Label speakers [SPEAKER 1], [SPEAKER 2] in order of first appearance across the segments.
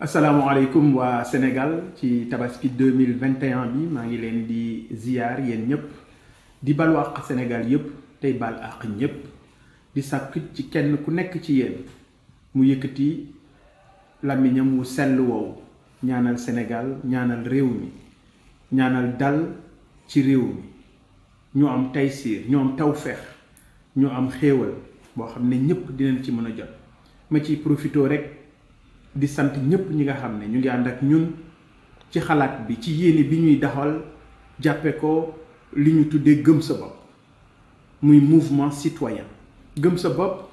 [SPEAKER 1] asalaamaaleykum waa Sénégal ci tabaski 2021 bi maa ngi leen di ziyaar yéen ñëpp di bal àq Sénégal yëpp tey bal àq ñëpp di sàkk ci kenn ku nekk ci yéen mu yëkkati làmmiñam wu sell woowu ñaanal Sénégal ñaanal réew mi ñaanal dal ci réew mi ñu am taysiir ñu am tawfeex ñu am xéewal boo xam ne ñëpp dinañ ci mën a jot ma ciy profitoo rek di sant ñëpp ñi nga xam ne ñu ngi ànd ak ñun ci xalaat bi ci yéene bi ñuy daxal jàppe ko li ñu tuddee gëm sa bopp muy mouvement citoyen gëm sa bopp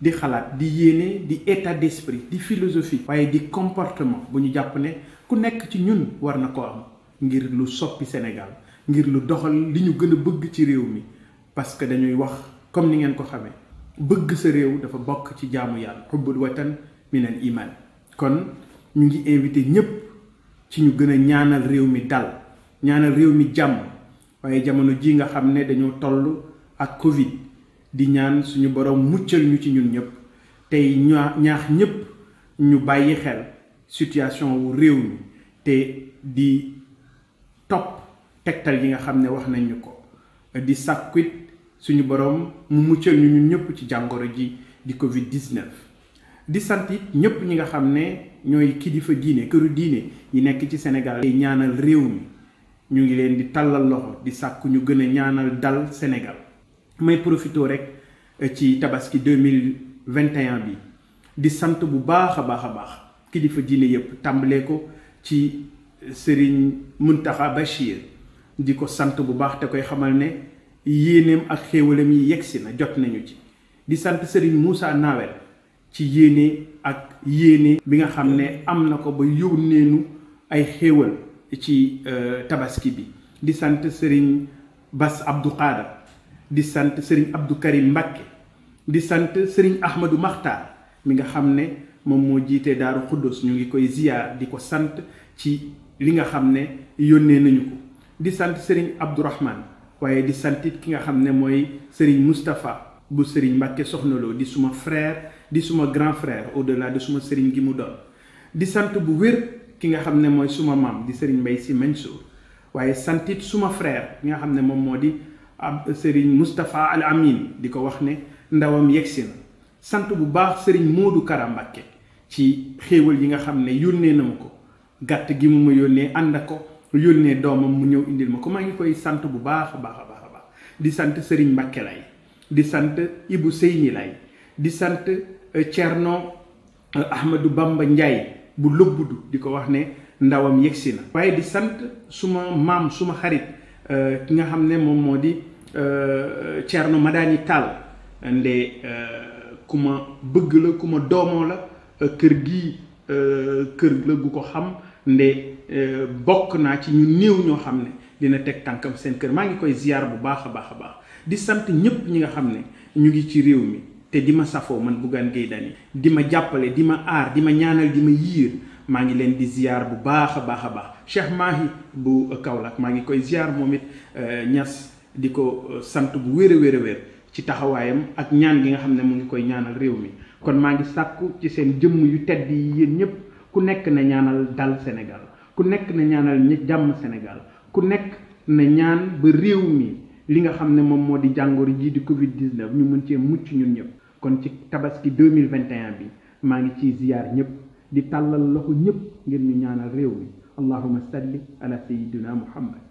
[SPEAKER 1] di xalaat di yéene di état d'esprit di philosophie waaye di comportement bu ñu jàpp ne ku nekk ci ñun war na ko am ngir lu soppi Sénégal ngir lu doxal li ñu gën a bëgg ci réew mi parce que dañuy wax comme li ngeen ko xamee bëgg sa réew dafa bokk ci jaamu yàlla xubbul watan minal iman kon ñu ngi invité ñëpp ci ñu gën a ñaanal réew mi dal ñaanal réew mi jàmm waaye jamono ji nga xam ne dañoo toll ak Covid di ñaan suñu borom muccal ñu ci ñun ñëpp tey ñaax ñëpp ñu bàyyi xel situation wu réew mi te di topp tegtal yi nga xam ne wax nañ ñu ko di sàkkuit suñu boroom mu muccal ñu ñun ñëpp ci jàngoro ji di Covid 19. di sant it ñëpp ñi nga xam ne ñooy kilifa diine këru diine yi nekk ci Sénégal di ñaanal réew mi ñu ngi leen di tàllal loxo di sàkku ñu gën a ñaanal dal Sénégal may profité rek euh, ci tabaski 2021 bi di sant bu baax a baax a baax kilifa diine yëpp tàmbalee ko ci euh, Serigne Mountakha Bachir di ko sant bu baax te koy xamal ne yéeneem ak xéewalam yi yegsi na jot nañu ci di sant Serigne Moussa Nawel ci yéene ak yéene bi nga xam ne am na ko ba yónnee nu ay xéewal ci euh, tabaski bi di sant sëriñ Bass Abdou Khadre di sant sëriñ Abdou Karim Mbakke di sant sëriñ Ahmadou Makhtar mi nga xam ne moom moo jiite Daaru Xuddos ñu ngi koy ziyaar di ko sant ci li nga xam ne yónnee nañu ko di sant sëriñ Abdourahman waaye di santit ki nga xam ne mooy sëriñ Moustapha bu Serigne Mbacke soxnaloo di suma frère di suma grand frère au de delà de suma Serigne gi mu doon di sant bu wér ki nga xam ne mooy suma maam di Serigne Mbaye Sy Mansour waaye santit suma frère ki nga xam ne moom moo di ab Serigne Moustapha Al Amin di ko wax ne ndawam yegsi na sant bu baax Serigne Modou Kara Mbacke ci xéewal yi nga xam ne yónnee na mu ko gàtt gi mu ma yónnee ànd ak ko yónnee doomam mu ñëw indil ma ko maa ngi koy sant bu baax a baax baax baax di sant Serigne Mbacke lay di sant ibu Ibou Seyni Lay di sant euh, Thierno euh, Ahmadou Bamba Ndiaye bu lëbbudu di ko wax ne ndawam yegsi na waaye di sant suma maam suma xarit euh, ki nga xam ne moom moo di ma Madani Tall nde ku ma bëgg la ku ma doomoo la kër gii kër la gu ko xam nde bokk naa ci ñu néew ñoo xam ne dina teg tànkam seen kër maa ngi koy ziyaar bu baax a baax a baax di sant ñëpp ñi nga xam ne ñu ngi ci réew mi te di ma safoo man Bougane Gueye Dany di ma jàppale di ma aar di ma ñaanal di ma yiir maa ngi leen di ziar bu baax a baax a baax Cheikh Mahi bu Kaolack maa ngi koy ziar moom it ñas euh, di ko euh, sant bu wér a wér ci taxawaayam ak ñaan gi nga xam ne mu ngi koy ñaanal réew mi kon maa ngi sàkku ci seen jëmm yu tedd yi yéen ñëpp ku nekk na ñaanal dal Sénégal ku nekk na ñaanal jàmm Sénégal ku nekk na ñaan ba réew mi li nga xam ne moom moo di jàngoro jii di Covid 19 ñu mën cee mucc ñun ñëpp kon ci tabaski 2021 bi maa ngi ciy ziyaar ñëpp di tàllal loxo ñëpp ngir ñu ñaanal réew mi allahuma salli ala sayyidina muhammad